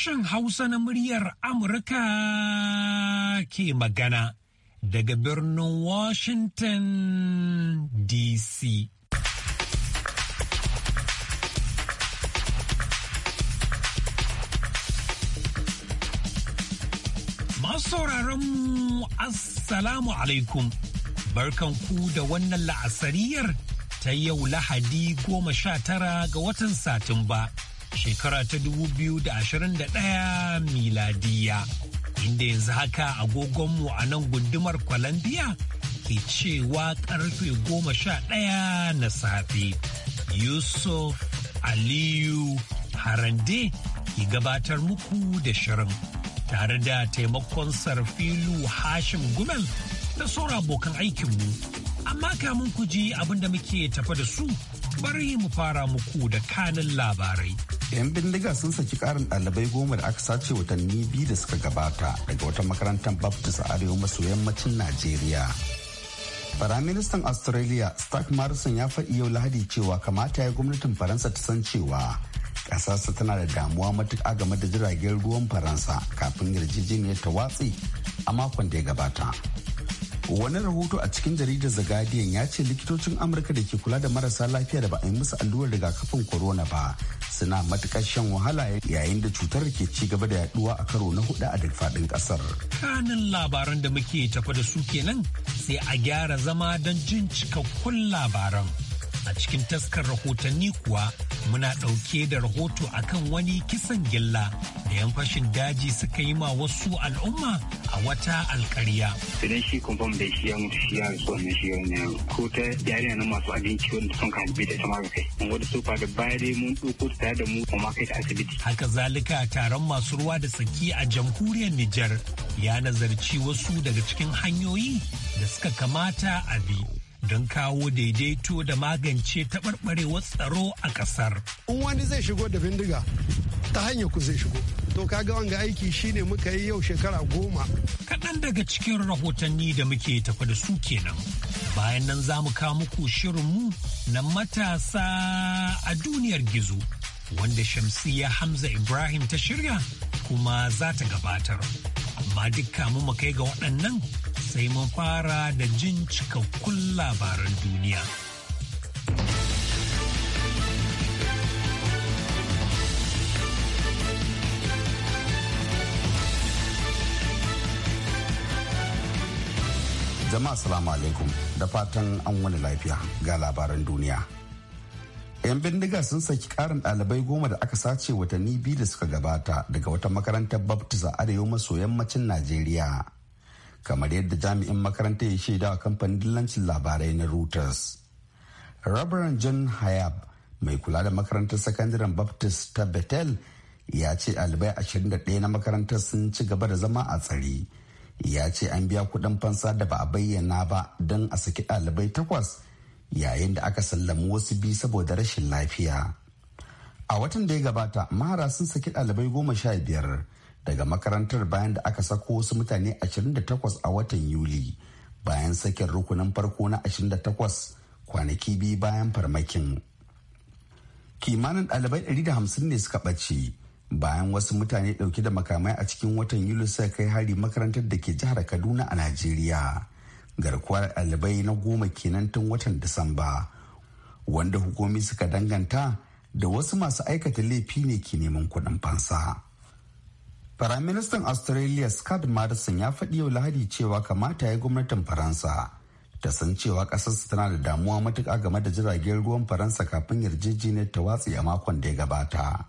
sashen Hausa na muryar Amurka ke magana daga birnin Washington DC. Masu mu Assalamu alaikum, ku da wannan la'asariyar ta yau Lahadi goma sha tara ga watan Satumba. shekara ta dubu biyu da da ashirin 2021 miladiya inda yanzu haka agogonmu a nan gundumar Colombia ke cewa karfe 11 na safe. Yusuf Aliyu Harande ke gabatar muku da shirin tare da taimakon sarfilu Hashim Gumel da saura abokan aikinmu. amma kamun ku ji abin muke tafa da su bari mu fara muku da kanin labarai. 'yan bindiga sun saki karin ɗalibai goma da aka sace watanni biyu da suka gabata daga wata makarantar baptist a arewa maso yammacin najeriya Firaministan Australia Stark Morrison ya faɗi yau Lahadi cewa kamata ya gwamnatin Faransa ta san cewa ƙasarsa tana da damuwa matuƙa game da jiragen ruwan Faransa kafin yarjejeniyar ta watsi a makon da ya gabata. wani rahoto a cikin jaridar the guardian ya ce likitocin amurka da ke kula da marasa lafiya da ba a yi musu allurar rigakafin corona ba suna matukar shan wahala yayin da cutar ke ci gaba da yaduwa a karo na hudu a duk faɗin ƙasar kanin labaran da muke tafa da su kenan sai a gyara zama don jin cikakkun labaran a cikin taskar rahotanni kuwa muna ɗauke da rahoto akan wani kisan gilla da yan fashin daji suka yi ma wasu al'umma a wata alkarya. idan shi kumfam da shi ya mutu shi ya rasu wannan shi wannan ko ta yarinya na masu abinci wanda sun ka halbe da ta ma kai mun wata sofa da baya dai mun ɗauko ta tare da mu kuma kai ta asibiti. haka zalika taron masu ruwa da tsaki a jamhuriyar Nijar ya nazarci wasu daga cikin hanyoyi da suka kamata a bi don kawo daidaito da magance taɓarɓarewar tsaro a ƙasar. In wani zai shigo da bindiga ta hanyar ku zai shigo. To kaga wanga aiki shine muka yi yau shekara goma. Kaɗan daga cikin rahotanni da muke tafa da su kenan. Bayan nan za mu kawo muku shirinmu na matasa a duniyar gizo wanda Shamsiya Hamza Ibrahim ta shirya kuma za ta gabatar. Amma duk kamu mu kai ga waɗannan sai mun fara da jin cikakkun labaran duniya. Jama'a salamu alaikum da fatan an wani lafiya ga labaran duniya. 'Yan bindiga sun saki karin ɗalibai goma da aka sace watanni biyu da suka gabata daga wata makarantar Baptist a arewa maso yammacin Najeriya. kamar yadda jami'in makarantar ya shaida a kamfanin dillancin labarai na Reuters. Reverend John Hayab mai kula da makarantar sakandaren Baptist ta Bethel ya ce ɗalibai 21 na makarantar sun ci gaba da zama a tsari. Ya ce an biya kuɗin fansa da ba a bayyana ba don a saki ɗalibai takwas yayin da aka sallami wasu biyu saboda rashin lafiya. A watan da ya gabata mahara sun saki ɗalibai goma sha biyar. daga makarantar bayan da aka sako wasu mutane 28 a watan yuli bayan sakin rukunin farko na 28 kwanaki biyu bayan farmakin kimanin ɗalibai 150 ne suka ɓace bayan wasu mutane ɗauke da makamai a cikin watan yuli suka kai hari makarantar da ke jihar kaduna a najeriya garkuwar ɗalibai na goma kenan tun watan disamba wanda hukumi suka danganta da wasu masu aikata laifi ne ke neman kuɗin fansa. Firaministan Australia Scott Morrison ya faɗi yau Lahadi cewa kamata ya gwamnatin Faransa ta san cewa ƙasarsa tana da damuwa matuƙa game da jiragen ruwan Faransa kafin yarjejeniyar ta watsi a makon da ya gabata.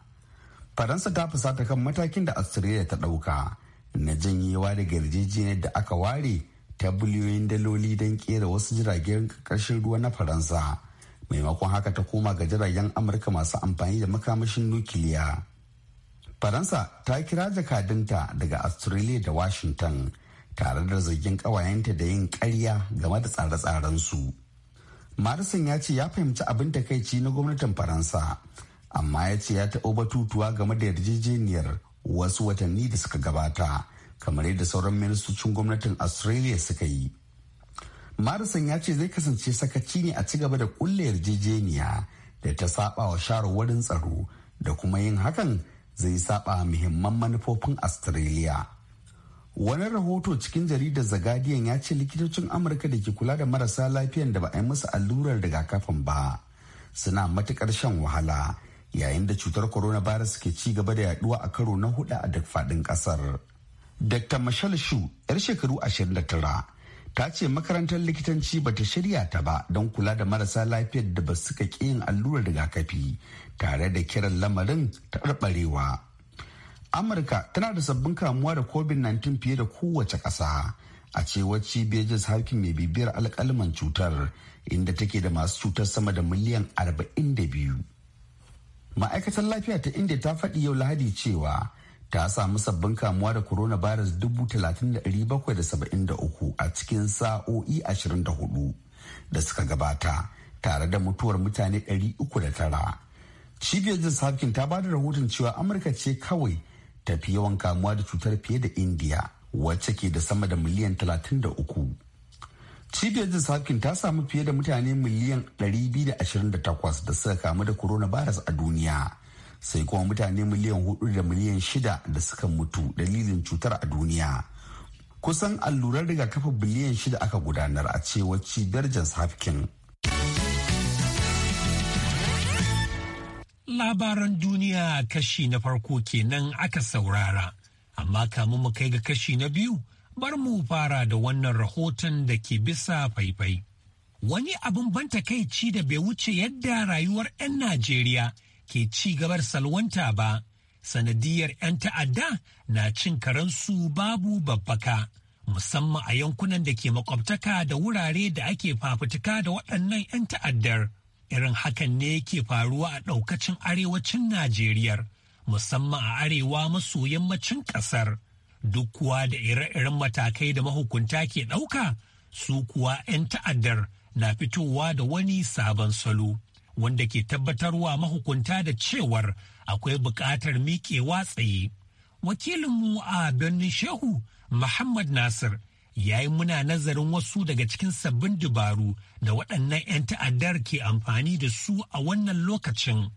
Faransa ta fusata kan matakin da Australia ta ɗauka na janyewa daga yarjejeniyar da aka ware ta biliyoyin daloli don ƙera wasu jiragen ƙarshen ruwa na Faransa. Maimakon haka ta koma ga jiragen Amurka masu amfani da makamashin nukiliya. faransa ta kira jakadunta daga australia da washington tare da zargin ƙawayenta da yin karya game da tsare-tsarensu marisan ya ce ya fahimci abin takaici na gwamnatin faransa amma ya ce ya taɓa batutuwa game da yarjejeniyar wasu watanni da suka gabata kamar yadda sauran ministocin gwamnatin australia suka yi marisan ya ce zai kasance sakaci ne a ci gaba da kulle yarjejeniya da ta saba wa tsaro da kuma yin hakan zai saba muhimman manufofin australia wani rahoto cikin jaridar the guardian ya ce likitocin amurka da ke kula da marasa lafiyan da ba a yi musu allurar rigakafin ba suna matukar shan wahala yayin da cutar corona coronavirus ke ci gaba da yaduwa a karo na hudu a duk fadin kasar dr michelle shu yar shekaru 29 ta ce makarantar likitanci ba ta shirya ta ba don kula da marasa lafiyar da ba suka ƙi yin allurar rigakafi tare da kiran lamarin taɓarɓarewa. amurka tana da sabbin kamuwa da covid-19 fiye da kowace ƙasa a cewar cibiyar jins harkin mai bibiyar alƙalman cutar inda take da masu cutar sama da miliyan 42 ma'aikatar lafiya ta inda ta faɗi yau lahadi cewa ta samu sabbin kamuwa da coronavirus 30,773 a cikin sa'o'i 24 da suka gabata tare da mutuwar mutane 309. Cibiyar jin Hopkins ta bada rahoton cewa Amurka ce kawai tafi yawan kamuwa da cutar fiye da indiya wacce ke da sama da miliyan 33. Cibiyar Jins Hopkins ta samu fiye da mutane miliyan 228 da suka kamu da coronavirus a duniya. sai kuma mutane miliyan hudu da miliyan shida da suka mutu dalilin cutar a duniya kusan allurar riga-kafa biliyan shida aka gudanar a cewar cibiyar johns labaran duniya kashi na farko kenan aka saurara amma kamun mu kai ga kashi na biyu bar mu fara da wannan rahoton da ke bisa faifai wani abin ban takaici da bai wuce yadda rayuwar 'yan najeriya ke ci gabar salwanta ba sanadiyar 'yan ta'adda na cin karensu babu babbaka musamman a yankunan da ke makwabtaka da wurare da ake fafutuka da waɗannan 'yan ta'addar irin hakan ne ke faruwa a ɗaukacin arewacin najeriya musamman a arewa maso yammacin ƙasar duk kuwa da ire-iren matakai da mahukunta ke ɗauka su kuwa 'yan ta'addar na fitowa da wani sabon salo. wanda ke tabbatarwa mahukunta da cewar akwai buƙatar miƙewa tsaye. Wakilinmu a birnin Shehu Muhammad Nasir ya yi muna nazarin wasu daga cikin sabbin dabaru da waɗannan 'yan ta'addar ke amfani da su a wannan lokacin.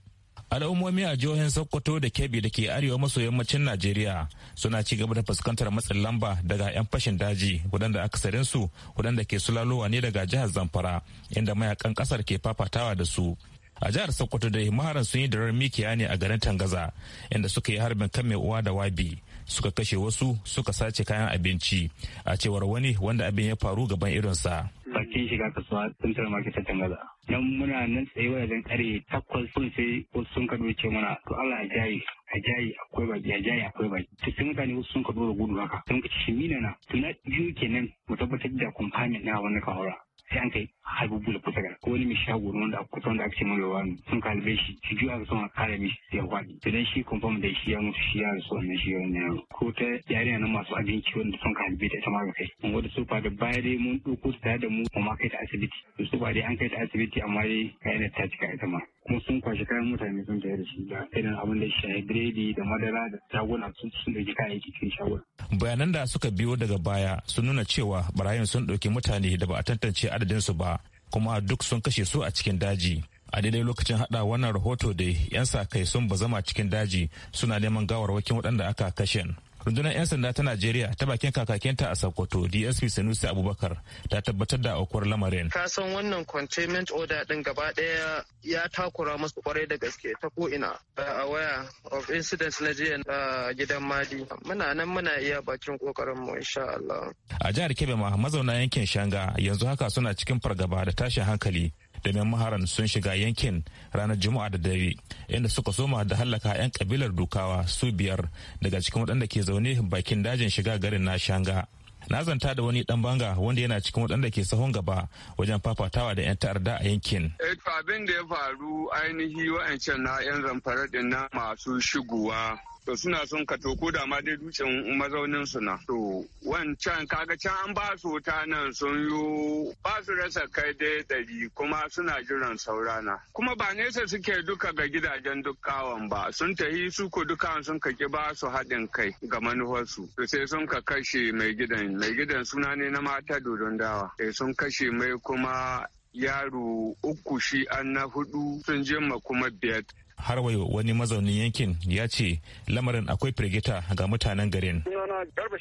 al'ummomi a jihohin sokoto da kebbi da ke arewa maso yammacin najeriya suna ci gaba da fuskantar matsin lamba daga 'yan fashin daji waɗanda akasarin su waɗanda ke sulalowa ne daga jihar zamfara inda mayakan ƙasar ke fafatawa da su a jihar sokoto da maharan sun yi darar mikiya ne a garin tangaza inda suka yi harbin kan mai uwa da wabi suka kashe wasu suka sace kayan abinci a cewar wani wanda abin ya faru gaban irinsa bakin shiga kasuwa central market ta tangaza dan muna nan tsaye wajen kare takwas sun sai wasu sun ka ce mana to Allah ya jaye a jayi akwai baki a jayi akwai baki to sai mutane wasu sun ka da gudu haka sun ka ci mina na to na biyu kenan mu tabbatar da kumfanin na wani kawara sai an kai habibu da kusa ko wani mai shago wanda a kusa wanda aka ce mai wani sun kalbe shi shi ji a son a kare mishi ya faɗi to dan shi confirm da shi ya mutu shi ya rasu wannan shi ne. yaro ko ta yarinya na masu abinci wanda sun kalbe ta ita ma kai mun wanda sofa da baya dai mun ɗauko ta da mu kuma kai ta asibiti to ba dai an kai ta asibiti amma dai kayan ta cika ita ma kuma sun kwashi kayan mutane sun tare da shi da irin abin da shi biredi da madara da shaguna sun sun jika kayayyaki cikin shaguna. bayanan da suka biyo daga baya sun nuna cewa barayin sun ɗauki mutane da ba a tantance adadinsu ba kuma duk sun kashe su a cikin daji a daidai lokacin hada wannan rahoto da 'yan sa kai sun bazama cikin daji suna neman gawarwakin waɗanda aka kashe rundunar 'yan sanda ta najeriya ta bakin kakakinta a sokoto dsp sanusi abubakar ta tabbatar da aukuwar lamarin ka san wannan containment order din gaba daya ya takura masu kwarai da gaske ta ko'ina. a waya of incidents na jiya a gidan madi muna nan muna iya bakin kokarin mu insha Allah a jihar kebe ma mazauna yankin shanga yanzu haka suna cikin fargaba da tashin hankali domin maharan sun shiga yankin ranar juma'a da dare inda suka soma da hallaka 'yan kabilar dukawa su biyar daga cikin waɗanda ke zaune bakin dajin shiga garin na shanga na zanta da wani dan banga wanda yana cikin waɗanda ke sahun gaba wajen fafatawa da 'yan ta'arda a yankin. Eh, abin da ya faru ainihi wa'ancan na 'yan zamfara na masu shigowa to suna son ka to ko da ma dai dutsen mazaunin su na to wancan kaga can an ba su wuta nan sun yi ba su rasa kai dai dari kuma suna jiran saurana kuma ba nesa suke duka ga gidajen dukkawan ba sun tahi su ko dukkan sun kaki ba su haɗin kai ga manufarsu to sai sun ka kashe mai gidan mai gidan suna ne na mata dodon dawa sai sun kashe mai kuma yaro uku shi an na hudu sun jima kuma biyar har wayo wani mazaunin yankin ya ce lamarin akwai firgita ga mutanen garin. Sunana Garba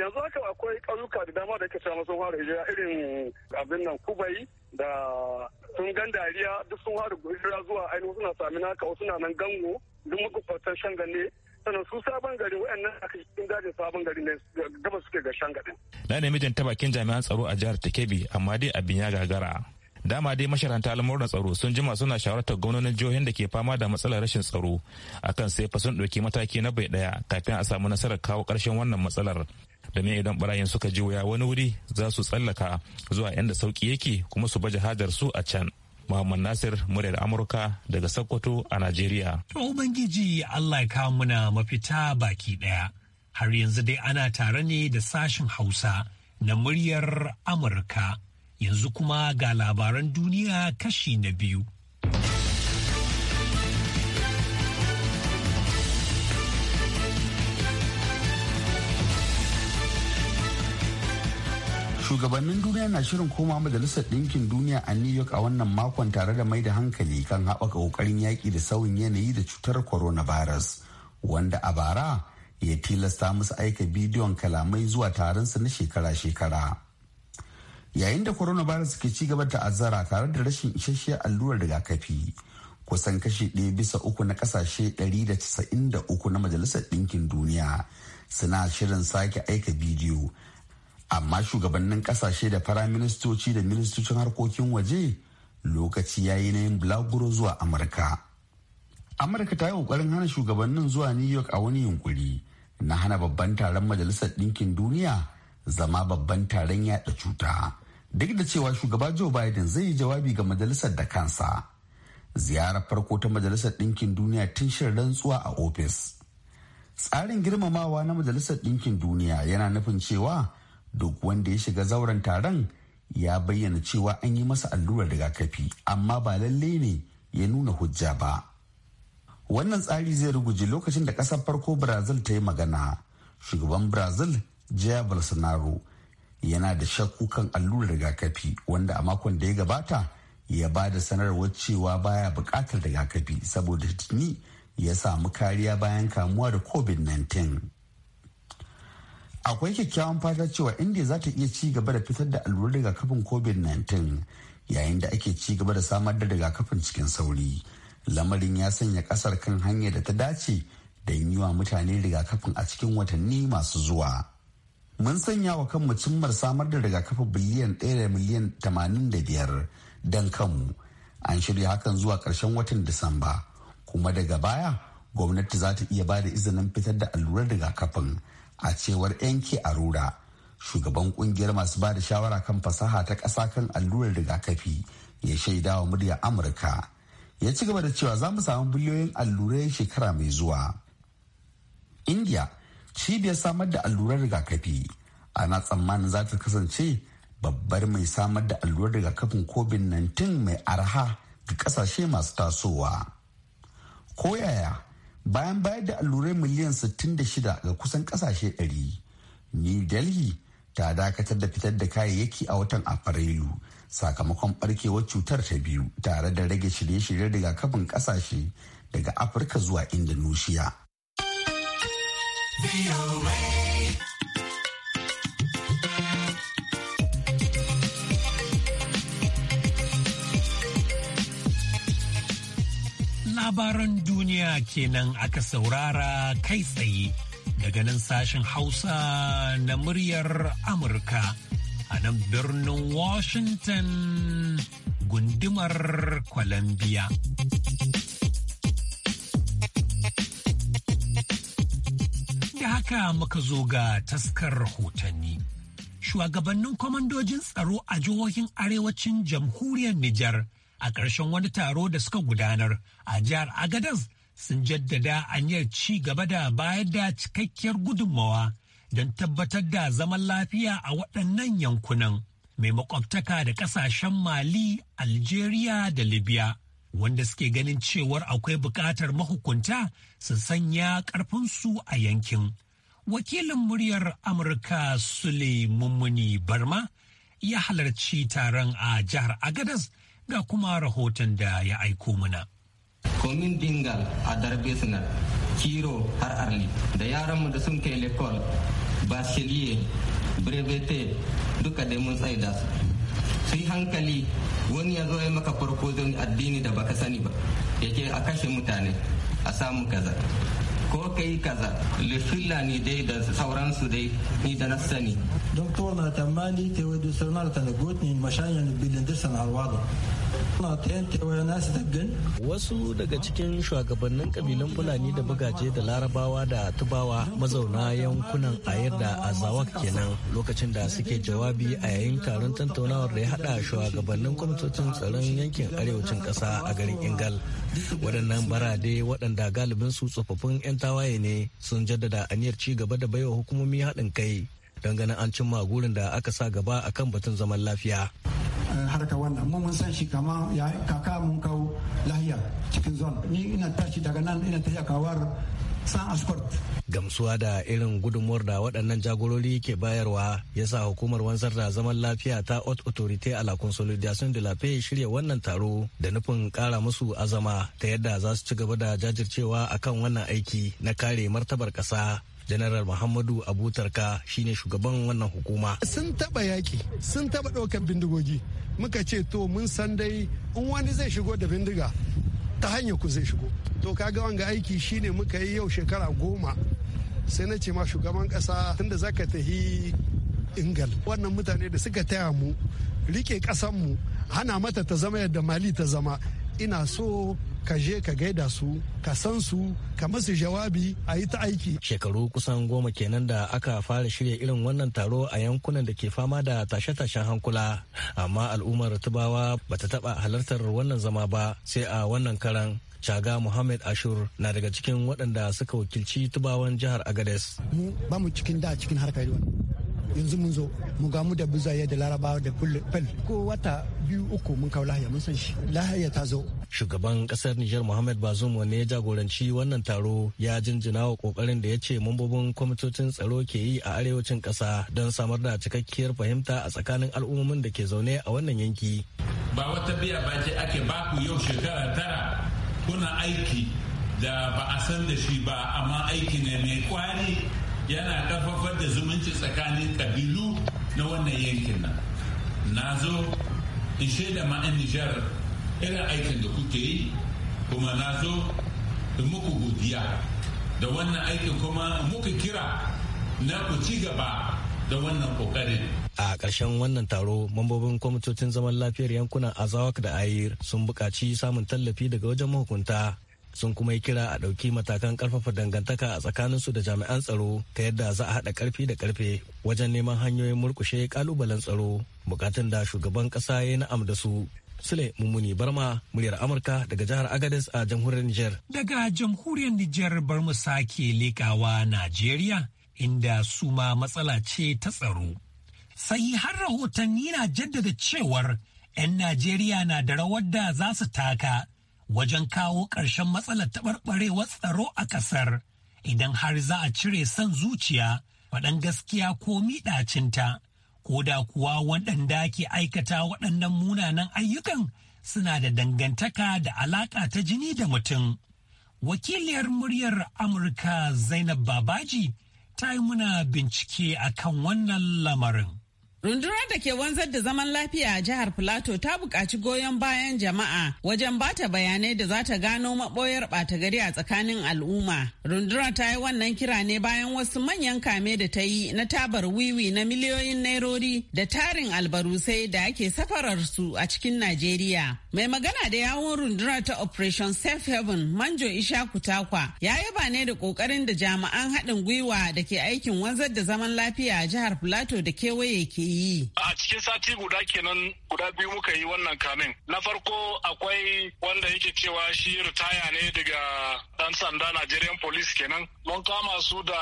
Yanzu haka akwai ƙauyuka da dama da ke samu sun fara hijira irin abin nan Kubai da sun gan dariya duk sun fara hijira zuwa ainihin suna sami naka wasu na nan gango duk makwabtan Shanga ne sannan su sabon gari waɗannan a cikin dajin sabon gari ne gaba suke ga shanga gaɗin. Na nemi jan ta bakin jami'an tsaro a jihar Takebi amma dai abin ya gagara. dama dai masharanta lamuran tsaro sun jima suna shawartar gwamnonin jihohin da ke fama da matsalar rashin tsaro akan sai fa sun ɗauki mataki na bai ɗaya kafin a samu nasarar kawo ƙarshen wannan matsalar da me idan barayin suka ji wuya wani wuri za su tsallaka zuwa inda sauki yake kuma su baje hajar su a can Muhammad Nasir muryar Amurka daga Sokoto a Najeriya. Ubangiji Allah ya kawo muna mafita baki ɗaya. Har yanzu dai ana tare ne da sashen Hausa na muryar Amurka. yanzu kuma ga labaran duniya kashi na biyu. shugabannin duniya na shirin koma majalisar ɗinkin duniya a new york a wannan makon tare da mai da hankali kan haɓaka ƙoƙarin yaƙi da sauyin yanayi da cutar coronavirus wanda a bara ya tilasta musu aika bidiyon kalamai zuwa taronsa na shekara-shekara yayin da coronavirus ke ci gaba da azara tare da rashin isasshiyar allurar rigakafi kusan kashi ɗaya bisa uku na ƙasashe uku na majalisar ɗinkin duniya suna shirin sake aika bidiyo amma shugabannin ƙasashe da firaministoci da ministocin harkokin waje lokaci ya yi na yin bulaguro zuwa amurka amurka ta yi ƙoƙarin hana shugabannin zuwa new york a wani yunkuri na hana babban taron majalisar ɗinkin duniya zama babban taron yada cuta duk da cewa shugaba joe biden zai yi jawabi ga majalisar da kansa ziyarar farko ta majalisar ɗinkin duniya tun shirin rantsuwa a ofis tsarin girmamawa na majalisar ɗinkin duniya yana nufin cewa duk wanda ya shiga zauren taron ya bayyana cewa an yi masa allurar rigakafi amma ba lallai ne ya nuna hujja ba wannan tsari zai ruguji lokacin da ƙasar farko brazil ta yi magana shugaban brazil jaya bolsonaro yana da shakku kan allurar rigakafi wanda a makon da ya gabata ya ba da sanarwar cewa baya bukatar rigakafi saboda tuni ya samu kariya bayan kamuwa da covid-19 akwai kyakkyawan fata cewa india za ta iya ci gaba da fitar da allurar rigakafin covid-19 yayin da ake ci gaba da samar da rigakafin cikin sauri lamarin ya sanya kasar kan hanyar da ta dace don yi wa mutane rigakafin a cikin watanni masu zuwa. mun sanya wa kanmu cimmar samar da rigakafi biliyan 1 da miliyan 85 don kanmu an shirya hakan zuwa karshen watan disamba kuma daga baya gwamnati za ta iya ba da izinin fitar da allurar rigakafin a cewar yanke arura shugaban kungiyar masu ba da shawara kan fasaha ta ƙasa kan allurar rigakafi ya shaida wa murya amurka ya ci gaba da cewa za mu samu biliyoyin allurai shekara mai zuwa india cibiyar samar da allurar rigakafi ana tsammanin za ta kasance babbar mai samar da allurar rigakafin covid-19 mai arha ga kasashe masu tasowa koyaya bayan bayar da allurai miliyan 66 ga kusan kasashe 100 new delhi ta dakatar da fitar da kayayyaki a watan afrilu sakamakon barkewar cutar ta biyu tare da rage shirye-shiryen rigakafin kasashe daga afirka zuwa indonesia Labaran duniya kenan aka saurara kai tsaye daga nan sashen Hausa na muryar Amurka a nan birnin Washington gundumar Columbia. haka muka zo ga taskar rahotanni. Shugabannin kwamandojin tsaro a jihohin arewacin jamhuriyar Nijar a ƙarshen wani taro da suka gudanar a jihar Agadez sun jaddada aniyar ci gaba da bayar da cikakkiyar gudunmawa don tabbatar da zaman lafiya a waɗannan yankunan mai makwabtaka da ƙasashen Mali, Algeria da Libya. wanda suke ganin cewar akwai buƙatar mahukunta su sanya ƙarfinsu a yankin wakilin muryar amurka sule mummuni barma ya halarci taron a jihar agadas ga kuma rahoton da ya aiko mana komin dingal a darbe sinar kiro har arli da yaran mu da sun kai lekol basiliye brevete duka da mun tsaida su su yi hankali wani ya zo ya maka farko addini da baka sani ba yake a kashe mutane a samu kaza ko ka yi kaza lefilla ne dai da sauransu dai ni da na sani doktor na tamani te wadu sanar ta gotni mashayan bilin disan alwado Wasu daga cikin shugabannin kabilan Fulani da bugaje da larabawa da tubawa mazauna yankunan ayar da azawak kenan lokacin da suke jawabi a yayin taron tattaunawar da ya hada shugabannin kwamitocin tsaron yankin arewacin kasa a garin Ingal. Waɗannan barade waɗanda galibin su tsofaffin 'yan tawaye ne sun jaddada aniyar ci gaba da baiwa hukumomi haɗin kai don ganin an cimma gurin da aka sa gaba akan batun zaman lafiya. harka wannan mu mun san shi kama ya kaka mun kawo lahiya cikin zon ni ina tashi daga nan ina tafiya kawar san asport gamsuwa da irin gudunmuwar da waɗannan jagorori ke bayarwa ya sa hukumar wanzar da zaman lafiya ta haute autorité à la consolidation de la paix shirya wannan taro da nufin kara musu azama ta yadda za su ci gaba da jajircewa akan wannan aiki na kare martabar ƙasa janaral muhammadu abutarka shine shugaban wannan hukuma sun taba yaki sun taba ɗaukar bindigogi muka ce to mun san dai in wani zai shigo da bindiga ta hanyar ku zai shigo to kaga wanga aiki shine muka yi yau shekara goma sai na ce ma shugaban kasa tunda zaka tahi ingal wannan mutane da suka taya mu rike mu hana mata ta zama yadda mali ta zama ina so ka je ka gaida su ka san su ka masu jawabi a yi ta aiki. Shekaru kusan goma kenan da aka fara shirya irin wannan taro a yankunan da ke fama da tashe-tashen hankula amma al'ummar tubawa ba ta taba halartar wannan zama ba sai a wannan karan shaga Muhammad Ashur na daga cikin waɗanda suka wakilci tubawan jihar Agades. Mu ba mu cikin da cikin harkar yanzu mun zo mu gamu da buzaye da larabawa da fel ko wata biyu uku mun kawo lahiya mun san shi lahiya ta zo shugaban kasar Nijar Muhammad Bazoum ne ya jagoranci wannan taro ya jinjina wa kokarin da ya ce mambobin kwamitocin tsaro ke yi a arewacin kasa don samar da cikakkiyar fahimta a tsakanin al'ummomin da ke zaune a wannan yanki ba wata biya ba ce ake baku yau shekara tara kuna aiki da ba a san da shi ba amma aiki ne mai kwari yana ƙarfafar da zumunci tsakanin ƙabilu na wannan yankin nan na zo in shaida ma'an nijar irin aikin da kuke yi kuma na zo in muku godiya da wannan aikin kuma muka kira na ku ci gaba da wannan kokarin a ƙarshen wannan taro mambobin kwamitocin zaman lafiyar yankunan azawak da ayir sun buƙaci samun tallafi daga wajen mahukunta sun kuma yi kira a ɗauki matakan ƙarfafa dangantaka a tsakaninsu da jami'an tsaro ta yadda za a haɗa ƙarfi da ƙarfe wajen neman hanyoyin murkushe ƙalubalen tsaro bukatun da shugaban ƙasa ya na'am da su Sule Mummuni Barma muryar Amurka daga jihar Agadez a jamhuriyar Nijar. Daga jamhuriyar Nijar bar mu sake lekawa Najeriya inda su ma matsala ce ta tsaro. Sai har rahotanni na jaddada cewar 'yan Najeriya na da rawar da za su taka wajen kawo ƙarshen matsalar taɓarɓarewar tsaro a ƙasar idan har za a cire son zuciya faɗan gaskiya ko miɗacinta ko da kuwa waɗanda ke aikata waɗannan munanan ayyukan suna da dangantaka da alaƙa ta jini da mutum. Wakiliyar muryar Amurka Zainab Babaji ta yi muna bincike akan wannan lamarin. Rundunar da ke wanzar da zaman lafiya a jihar Filato ta buƙaci goyon bayan jama'a wajen bata bayanai da za ta gano maɓoyar ɓata gari a tsakanin al'umma. Rundunar ta yi wannan kira ne bayan wasu manyan kame da ta yi na tabar wiwi na miliyoyin nairori da tarin albarusai da ake safarar su a cikin Najeriya. Mai magana da yawon rundunar ta Operation Safe Haven Manjo Ishaku Takwa ya yaba ne da ƙoƙarin da jami'an haɗin gwiwa da ke aikin wanzar da zaman lafiya a jihar Filato da kewaye ke yi? A cikin sati guda kenan guda biyu muka yi wannan kamin. Na farko akwai wanda yake cewa shi ritaya ne daga dan sanda Nigerian Police kenan. Mun kama su da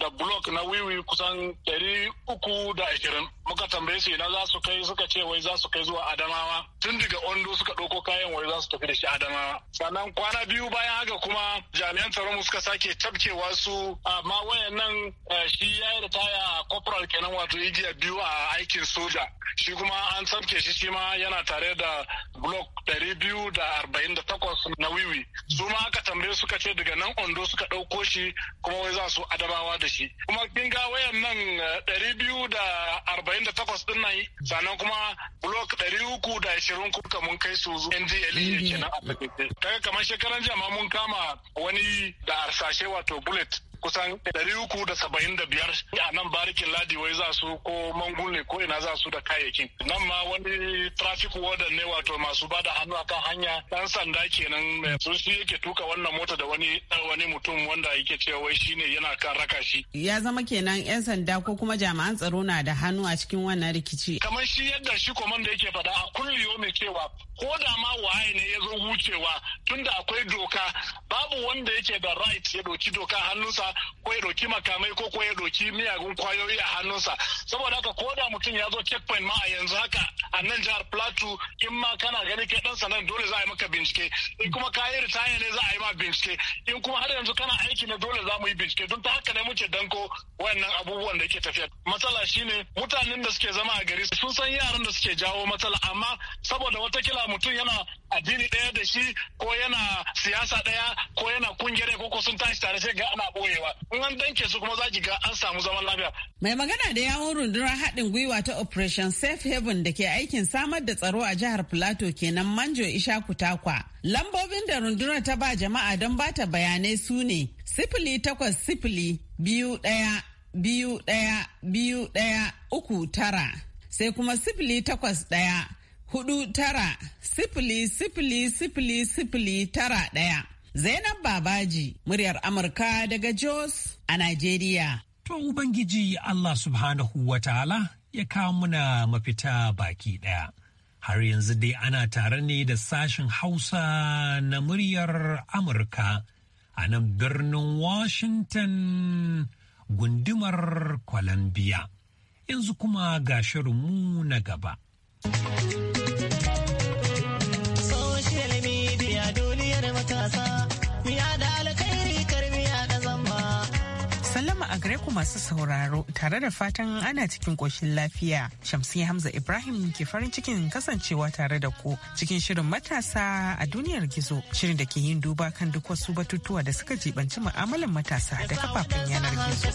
da na wiwi kusan ɗari uku da ashirin. Muka tambaye su ina za su kai suka ce wai za su kai zuwa Adamawa. Tun daga Ondo suka ɗauko kayan wai za su tafi da shi Adamawa. Sannan kwana biyu bayan haka kuma jami'an tsaron suka sake tabkewa su amma wayannan eh, shi ya yi ritaya corporal kenan wato igiya biyu a aikin soja shi kuma an samke shi shi ma yana tare da block 248 na wiwi su ma aka tambaye suka ce daga nan ondo suka ɗauko shi kuma wai za su adamawa da shi kuma kin ga wayan nan 248 eh, din nan sannan kuma block 320 kuka mun kai su zuwa NDLEA e. kenan a kaga kamar shekaran jama mun kama wani da arsashe wato bullet kusan uku da saba'in da biyar a nan barikin ladi wai za su ko mangulle ko ina za su da kayayyakin nan ma wani traffic warden ne wato masu ba da hannu akan hanya dan sanda kenan eh, sun shi yake tuka wannan mota da wani wani mutum wanda yake cewa wai shine yana kan raka shi ya zama kenan yan sanda ko kuma jami'an tsaro na da hannu a cikin wannan rikici kamar shi yadda shi komanda yake fada a kullu mai cewa ko da ma waye ne ya zo wucewa tunda akwai doka babu wanda yake da right ya doki doka hannunsa ko ya ɗauki makamai ko ko ya ɗauki miyagun kwayoyi a hannunsa saboda haka ko da mutum ya zo checkpoint ma a yanzu haka a nan jihar plateau in ma kana gani kai ɗan sanan dole za a yi maka bincike in kuma ka yi ritaya ne za a yi ma bincike in kuma har yanzu kana aiki ne dole za mu yi bincike don ta haka ne muke danko wayannan abubuwan da ke tafiya matsala shine mutanen da suke zama a gari sun san yaran da suke jawo matsala amma saboda watakila mutum yana addini ɗaya da shi ko yana siyasa ɗaya ko yana kungiyar ko ko sun tashi tare sai ga ana boyewa in an danke su kuma za ga an samu zaman lafiya. mai magana da yawon rundunar haɗin gwiwa ta operation safe haven da ke aikin samar da tsaro a jihar plateau kenan manjo ishaku takwa lambobin da rundunar ta ba jama'a don ba ta bayanai su ne sifili takwas sifili biyu ɗaya biyu ɗaya biyu ɗaya uku tara sai kuma sifili takwas ɗaya hudu tara sifili sifili sifili sifili tara ɗaya. Zainab Babaji, muryar Amurka daga Jos a Najeriya. To Ubangiji Allah subhanahu wa ta'ala ya kawo muna mafita baki ɗaya. Har yanzu dai ana tare ne da sashen Hausa na muryar Amurka a nan birnin Washington gundumar Columbia. Yanzu kuma ga shirinmu na gaba. masu sauraro tare da fatan ana cikin koshin lafiya. Shamsi Hamza Ibrahim ke farin cikin kasancewa tare da ku cikin shirin matasa a duniyar gizo. Shirin da ke yin duba kan duk wasu batutuwa da suka jibanci mu'amalan matasa da kafafen yanar gizo.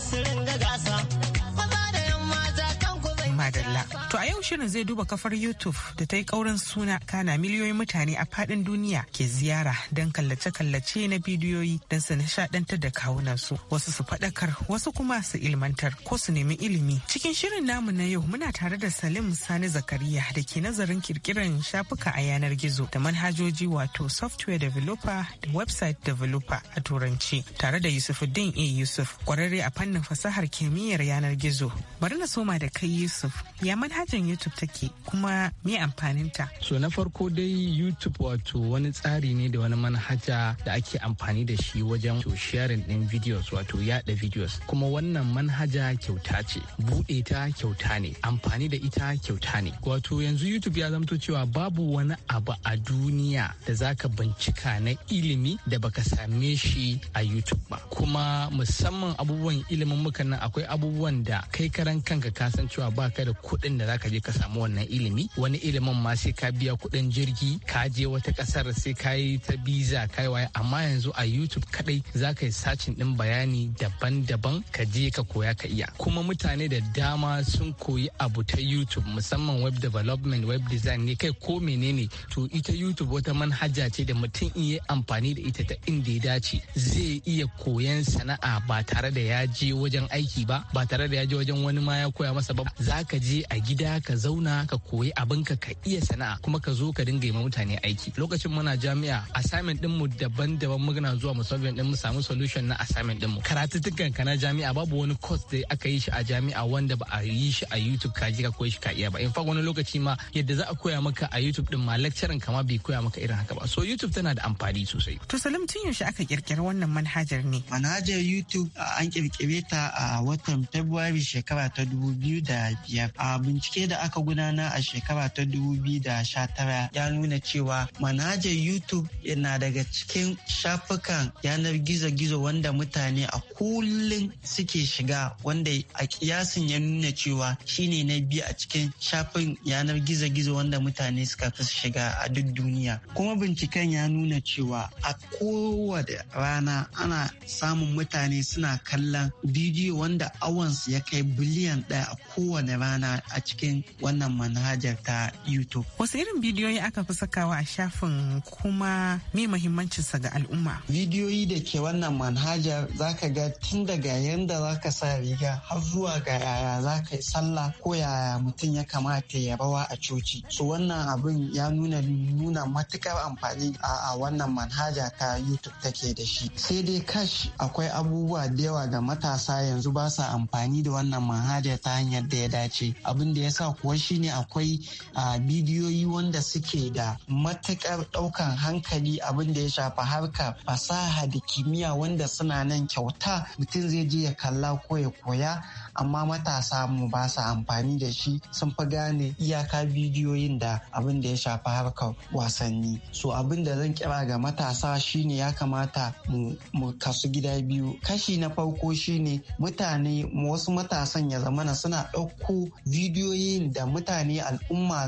adalla To a yau shirin zai duba kafar YouTube da ta yi kauran suna kana miliyoyin mutane a fadin duniya ke ziyara don kallace-kallace na bidiyoyi don su nishaɗantar da kawunansu. Wasu su faɗakar, wasu kuma su ilmantar ko su nemi ilimi. Cikin shirin namu na yau muna tare da Salim Sani Zakariya da ke nazarin kirkiran shafuka a yanar gizo da manhajoji wato software developer da website developer a turanci tare da Yusufuddin A. Yusuf kwararre a fannin fasahar kimiyyar yanar gizo. Bari na soma da kai Yusuf ya manhajan YouTube take kuma me amfaninta? So na farko dai YouTube wato wani tsari ne da wani manhaja da ake amfani da shi wajen to sharing din videos wato yada videos kuma wannan manhaja kyauta ce buɗe ta kyauta ne amfani da ita kyauta ne wato yanzu YouTube ya zamto cewa babu wani abu a duniya da zaka bincika na ilimi da baka same shi a YouTube ba kuma musamman abubuwan ilimin muka nan akwai abubuwan da kai karan kanka kasan cewa baka da da kuɗin da zaka je ka samu wannan ilimi wani ilimin ma sai ka biya kuɗin jirgi ka je wata ƙasar sai ka yi ta biza ka yi waya amma yanzu a youtube za zaka yi sacin ɗin bayani daban-daban ka je ka koya ka iya kuma mutane da dama sun koyi abu ta youtube musamman web development web design ne kai ko menene to ita youtube wata manhaja ce da mutum iya amfani da ita ta inda ya dace zai iya koyan sana'a ba tare da ya je wajen aiki ba ba tare da ya je wajen wani ma ya koya masa ba zaka je a gida ka zauna ka koyi abin ka ka iya sana'a kuma ka zo ka dinga yi mutane aiki lokacin muna jami'a assignment din mu daban-daban muna zuwa mu solving din mu samu solution na assignment din mu karatuttukan ka na jami'a babu wani course da aka yi shi a jami'a wanda ba a yi shi a YouTube ka je ka koyi shi ka iya ba in fact wani lokaci ma yadda za a koya maka a YouTube din ma lecturer kama bai koya maka irin haka ba so YouTube tana da amfani sosai to salim tun yaushe aka kirkira wannan manhajar ne manhajar YouTube an kirkire ta a watan February shekara ta 2005 A bincike da aka gudana a shekara ta 2019 ya nuna cewa manhajar YouTube yana daga cikin shafukan yanar gizo-gizo wanda mutane a kullum suke shiga wanda a kiyasin ya nuna cewa shine na biyu a cikin shafin yanar gizo-gizo wanda mutane suka fi shiga a duk duniya. Kuma binciken ya nuna cewa a kowace rana ana samun mutane suna kallon bidiyo wanda awansu ya kai biliyan ɗaya a kowane rana. mana a cikin wannan manhajar ta YouTube. Wasu irin bidiyoyi aka fi sakawa a shafin kuma me muhimmancinsa ga al'umma? Bidiyoyi da ke wannan manhajar zaka ga tun daga yanda zaka sa riga har zuwa ga yaya zaka yi sallah ko yaya mutum ya kamata ya rawa a coci. So wannan abin ya nuna nuna matukar amfani a wannan manhaja ta YouTube take da shi. Sai dai kash akwai abubuwa da yawa ga matasa yanzu ba sa amfani da wannan manhaja ta hanyar da ya dace. abin da ya sa kuwa shine akwai bidiyoyi wanda suke da matukar daukan hankali abin da ya shafa harka fasaha da kimiyya wanda suna nan kyauta mutum zai je ya kalla ko ya koya amma matasa mu ba sa amfani da shi sun fi gane iyaka bidiyoyin da abin da ya shafi harkar wasanni so abin da zan kira ga matasa shine ya kamata mu kasu gida biyu kashi na farko shine mutane wasu matasan ya zamana suna ɗauko bidiyoyin da mutane al'umma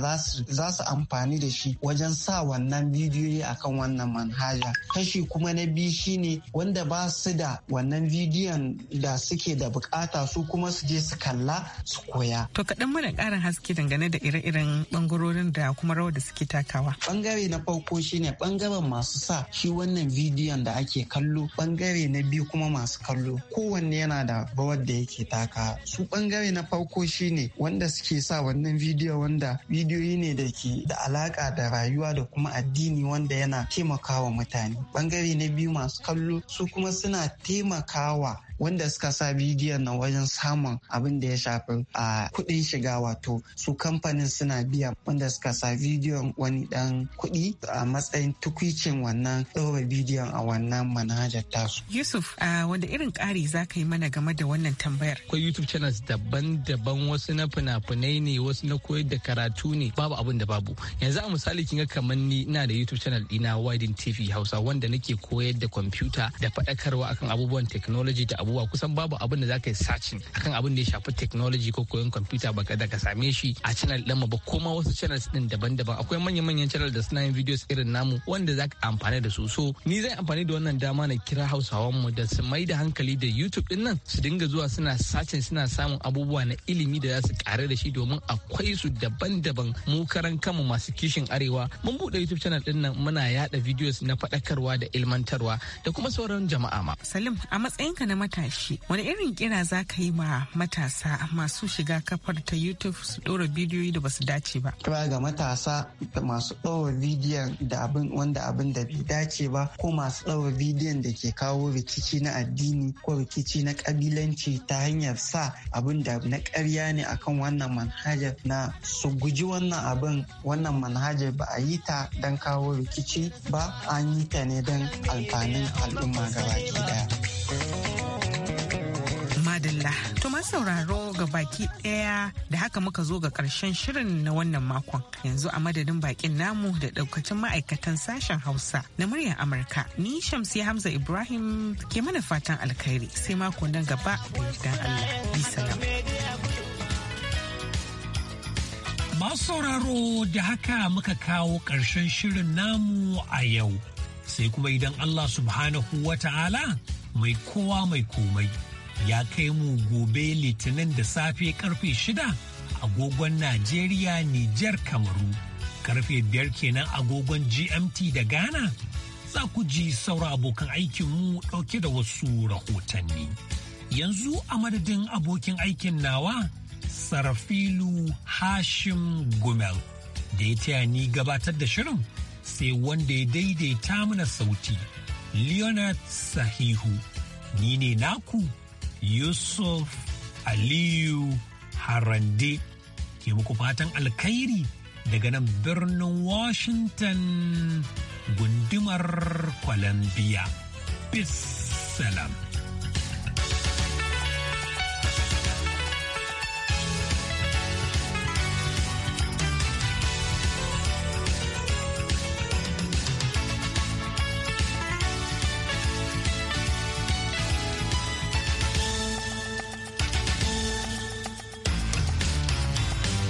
za su amfani da shi wajen sa wannan bidiyoyi akan wannan manhaja kashi kuma na biyu shine wanda ba su da wannan bidiyon da suke da bukata su kuma su je su kalla su koya. To kaɗan mana ƙarin haske dangane da ire-iren ɓangarorin da kuma rawar da suke takawa. bangare na farko shine ɓangaren masu sa shi wannan bidiyon da ake kallo bangare na biyu kuma masu kallo kowanne yana da rawar da yake taka. Su bangare na farko shine wanda suke sa wannan bidiyo wanda bidiyoyi ne da ke da alaƙa da rayuwa da kuma addini wanda yana taimakawa mutane. bangare na biyu masu kallo su kuma suna taimakawa wanda suka sa bidiyon na wajen samun abin da ya shafi a kudin shiga wato su kamfanin suna biya wanda suka sa bidiyon wani dan kudi a matsayin tukwicin wannan ɗora bidiyon a wannan manhajar tasu. Yusuf wanda irin ƙari za ka yi mana game da wannan tambayar. Akwai YouTube channels daban-daban wasu na fina-finai ne wasu na koyar da karatu ne babu abin da babu. Yanzu a misali kin ga kamar ni ina da YouTube channel ɗina Widen TV Hausa wanda nake koyar da kwamfuta da faɗakarwa akan abubuwan technology da abubuwan abubuwa kusan babu abin da zaka yi sacin akan abin da ya shafi technology ko koyon kwamfuta ba ka same shi a channel ɗin ba ko wasu channels ɗin daban-daban akwai manya-manyan channel da suna yin videos irin namu wanda za ka amfani da su so ni zan amfani da wannan dama na kira hausawan mu da su mai da hankali da youtube ɗin nan su dinga zuwa suna sacin suna samun abubuwa na ilimi da za su ƙare da shi domin akwai su daban-daban mu karan kanmu masu kishin arewa mun buɗe youtube channel ɗin nan muna yaɗa videos na faɗakarwa da ilmantarwa da kuma sauran jama'a ma. Salim a matsayinka na mata matashi wani irin kira za ka yi ma matasa masu shiga kafar ta youtube su ɗora bidiyoyi da basu dace ba kira ga matasa masu ɗora bidiyon da abin wanda abin da bai dace ba ko masu ɗora bidiyon da ke kawo rikici na addini ko rikici na kabilanci ta hanyar sa abin da na ƙarya ne akan wannan manhajar na su guji wannan abin wannan manhajar ba a yi ta don kawo rikici ba an yi ta ne don alfanin al'umma gabaki daya. adalla To sauraro ga baki ɗaya da haka muka zo ga karshen shirin na wannan makon. Yanzu a madadin bakin namu da ɗaukacin ma'aikatan sashen Hausa na muryar Amurka. Ni Shamsi Hamza Ibrahim ke mana fatan alkhairi sai mako nan gaba da yardan Allah. Masu sauraro da haka muka kawo ƙarshen shirin namu a yau. Sai kuma idan Allah subhanahu wa ta'ala mai kowa mai komai. ya kai mu gobe litinin da safe karfe shida agogon Najeriya Nijar Kamaru karfe biyar kenan agogon GMT da Ghana za ku ji saura abokan aikinmu ɗauke da wasu rahotanni. Yanzu a madadin abokin aikin nawa Sarafilu Hashim Gumel da ya taya ni gabatar da shirin sai wanda ya daidaita mana sauti Leonard Sahihu ni ne naku. Yusuf Aliyu Harande ke muku fatan alkhairi daga nan birnin Washington gundumar Columbia. Peace salam.